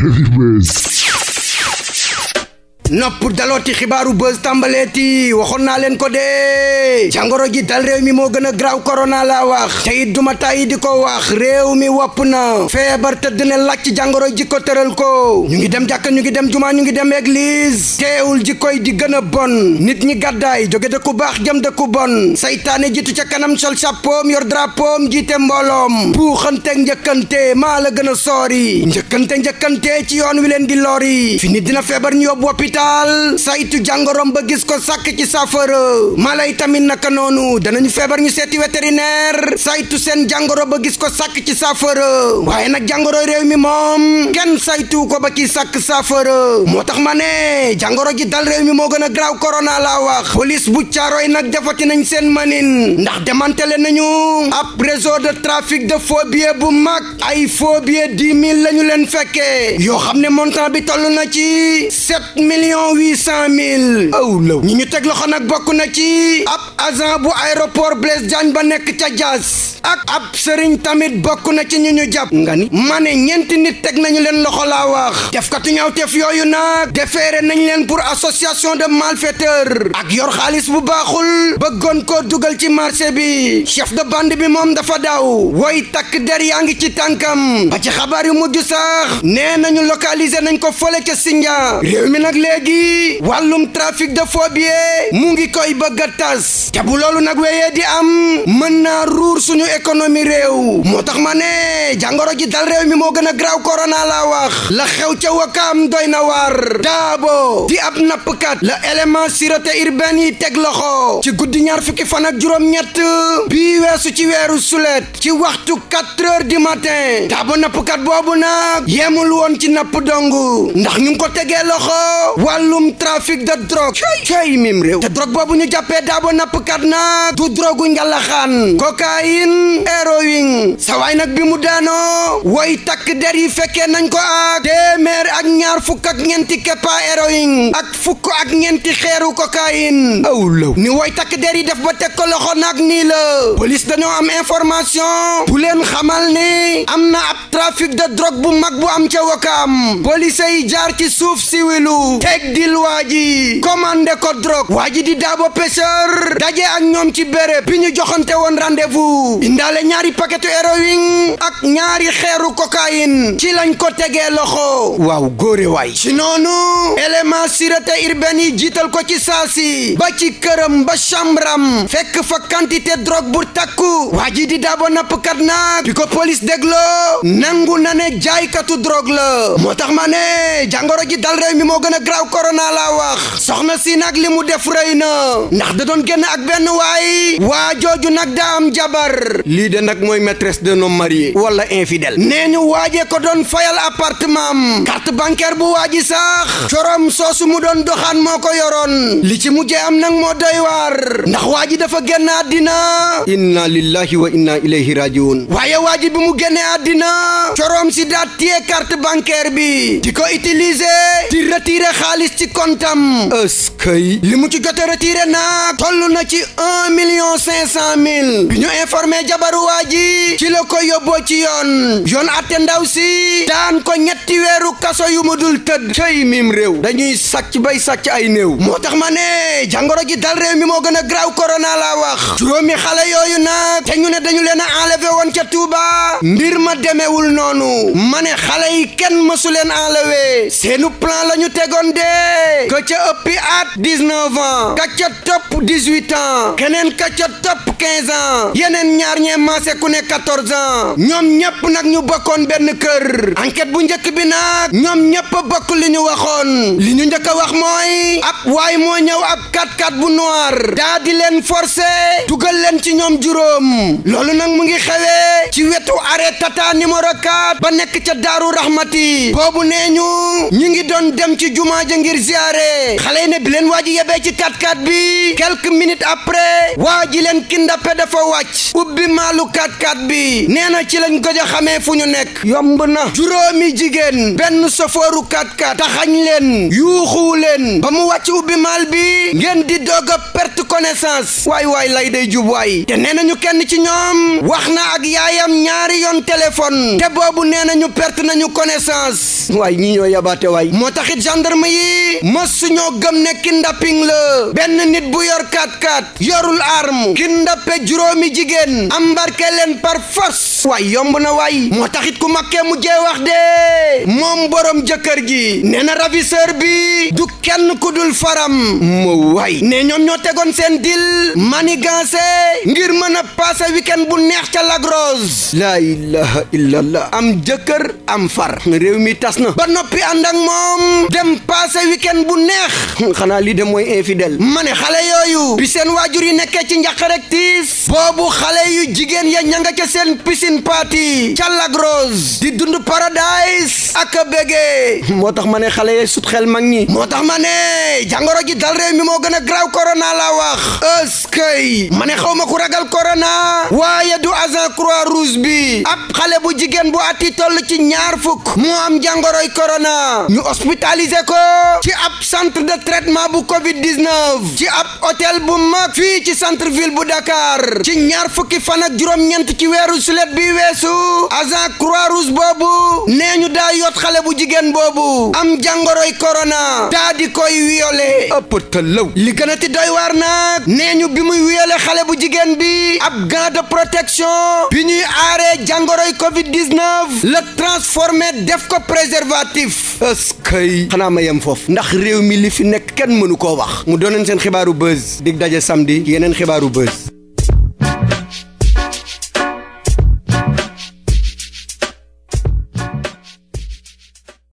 Heavyweight. nopp dalooti xibaaru buzz tàmbaleeti waxoon naa leen ko dee jàngoro ji dal réew mi moo gën a graaw korona laa wax te it duma tàyyi di ko wax réew mi wopp na feebar tëdd ne laaj ci jàngoro ji tëral ko ñu ngi dem jàkka ñu ngi dem jumaa ñu ngi dem église teewul ji koy di gën a bon nit ñi gàddaay jóge dëkku baax jëm dëkku bon saytaane jiitu ca kanam sol sàppoom yor drapoom jiite mbooloom puuxante njëkkante maa la gën a soori njëkkante njëkkante ci yoon wi leen di lori fi dina feebar ñu yóbbu hôpital saytu jàngoroom ba gis ko sàkk ci saafara mala yi tamit naka noonu danañu feebar ñu seeti vétérinaire saytu seen jàngoro ba gis ko sàkk ci saafara waaye nag jàngoro réew mi moom kenn saytu ko ba ki sàkk saafara moo tax ma ne jàngoro ji dal réew mi moo gën a graw corona laa wax police bu caaroy nag defati nañ seen manin ndax démantelé nañu ab réseau de trafic de faux billets bu mag ay faux billets dix mille leen fekkee yoo xam ne montant bi toll na ci sept mille million huit cent mille aw law ñu ñu teg loxo nag bokk na ci ab agent bu aéroport Blaise Diagne ba nekk ca Diass ak ab sëriñ tamit bokk na ci ñu ñu jàpp nga ni ma ñeenti nit teg nañu leen loxo laa wax def katu ñaawteef yooyu nag defeere nañ leen pour association de malfaiteurs ak yor xaalis bu baaxul bëggoon koo dugal ci marché bi chef de bande bi moom dafa daaw way takk der yaa ngi ci tànkam ba ci xabaar yu mujj sax nee nañu localiser nañ ko fële ca Sindia réew mi léegi wàllum trafic de faux billets mu ngi koy bëgg a tas te loolu nag wéyee di am mën na ruur suñu économie réew moo tax ma Eh, jàngoro ji dal réew mi moo gën a graaw korona laa wax la xew ca wakaam doy na war daabo di ab nappkat la élément te urbaine yi teg loxo ci guddi ñaar fukki fan ak juróom-ñett bii weesu ci weeru sulet ci waxtu quatre heures du matin daabo nappkat boobu nag yemul woon ci napp dong ndax ñu ngi ko tegee loxo wàllum trafic de drogue cay cay mim réew te drogue boobu ñu jàppee daabo nappkat nag du drogu njalaxaan cocaïne héroïne sa waay nag bi mu daal daanoo way takk der yi fekkee nañ ko ak téeméer ak ñaar fukk ak ñeenti keppa héroïne ak fukk ak ñeenti xeeru cocaïne aw law ni way takk der yi def ba teg ko loxo nag nii la police dañoo am information bu leen xamal ni am na ab trafic de drogue bu mag bu am ca wakaam police yi jaar ci suuf si wilu teg dil waa ji commandé ko drogue waa ji di daabo pêcheur daje ak ñoom ci béréb bi ñu joxante woon rendez indaale ñaari paquetu héroïne ak ñaari xeeru cocaïne ci lañ ko tegee loxo waaw góore waay ci noonu te sûreté urbaine yi jiital ko ci saasi ba ci këram ba chamram fekk fa quantité drogue bu takku waa ji di daabo nappkat nag bi ko police dégloo nangu na ne jaaykatu drogue la moo tax ma ne jàngoro ji dal réew mi moo gën a graw korona laa wax soxna si nag li mu def rey na ndax da doon génn ak benn waay waa jooju nag daa am jabar lii de nag mooy maîtresse de homme marié wala la infidèle nee ñu waaje ko doon fayal appartement am carte bancaire bu waaji sax corom soosu mu doxaan moo ko yoroon li ci mujje am nag moo doy waar ndax waaji dafa génn àddina inna lillahi wa inna ilayhi rajiun waaye waaji bi mu génne àddina corom si daa téye carte bancaire bi di ko utiliser di retirer xaalis ci kontam eskay li mu ci jote retiré nag toll na ci un million cinq cent mille bi ñu informé jabaru waaji ci la ko yóbboo ci yoon yoon atte ndaw si daan ko ñetti weeru kaso yu mu dul tëdd cëy mim réew dañuy sacc bay sacc ay néew moo tax ma ne jàngoro ji dal réew mi moo gën a graaw korona laa wax juróomi xale yooyu nag te ñu ne dañu leen a enlevé woon ca Touba mbir ma demewul noonu ma ne xale yi kenn mësu leen enlevé seenu plan la ñu tegoon de ka ca ëppi at 19 ans ka ca topp 18 ans keneen ka ca topp 15 ans yeneen ñaar ñee maase ku ne 14 ñoom ñëpp nag ñu bokkoon benn kër enquête bu njëkk bi nag ñoom ñëpp bokk li ñu waxoon li ñu njëkk a wax mooy ab waay moo ñëw ab 4 bu noir daa di leen forcer dugal leen ci ñoom juróom loolu nag mu ngi xewee ci wetu arrêt tata numéro 4 ba nekk ca daaru rahmati boobu nee ñu ñu ngi doon dem ci jumaa ja ngir ziyaare xale yi ne bi leen waa ji yebee ci 4x4 bi quelques minutes après waa ji leen kindape dafa wàcc ubbi maalu 4 x bi nee na ci lañ lañ gëj xamee fu ñu nekk yomb na juróomi jigéen benn sofooru kat-kat taxañ leen yuuxuu leen ba mu wàcc ubbi maal bi ngeen di doog a perte connaissance waay waay lay day jub waay te nee nañu kenn ci ñoom wax na ak yaayam ñaari yoon téléphone te boobu nee nañu perte nañu connaissance waay ñii ñoo yabaate waay moo taxit gendarme yi mësuñoo gëm ne kidnapping la benn nit bu yor kat-kat yorul arme kidnappé juróomi jigéen embarqué leen par force waay yomb na waay moo taxit ku makkee mujjee wax de moom borom jëkkër gi nee na ravisseur bi du kenn ku dul faram mu waay ne ñoom ñoo tegoon seen dil manigancé ngir mën a passé week bu neex ca lagrose laa ilaha illallah am jëkkër am far réew mi tas na ba noppi ànd ak moom dem passé week bu neex xanaa li de mooy infidèle ma ne xale yooyu bi waajur yi nekkee ci njaq tiis boobu xale yu jigéen ya ña ca seen piscine party Maki ca Lac di dund paradise ak bégee moo tax ma ne xale yee sut xel mag ñi moo tax ma ne jàngoro ji dal réew mi moo gën a graw korona la wax ëskëy ma ne xaw ma ku korona waaye du waa croix rouge bi ab xale bu jigéen bu ati toll ci ñaar fukk mu am jàngoroy corona ñu hospitalisé ko ci ab centre de traitement bu covid 19 ci ab hôtel bu mag fii ci centre ville bu Dakar ci ñaar fukki fan ak juróom-ñeent ci weeru sulet bi weesu agent croix rouge boobu nee ñu daa yot xale bu jigéen boobu am jàngoroy corona daa di koy wiyole ëpp tëllaw li gën a ti doy waar nag nee ñu bi muy wiyole xale bu jigéen bi ab gant de protection bi ñuy aaree jàngoroy Covid 19 la transformé def ko préservatif eskay xanaa ma yem foofu ndax réew mi li fi nekk kenn mënu ko wax mu doonoon seen xibaaru buzz dig daje samedi yeneen xibaaru buzz.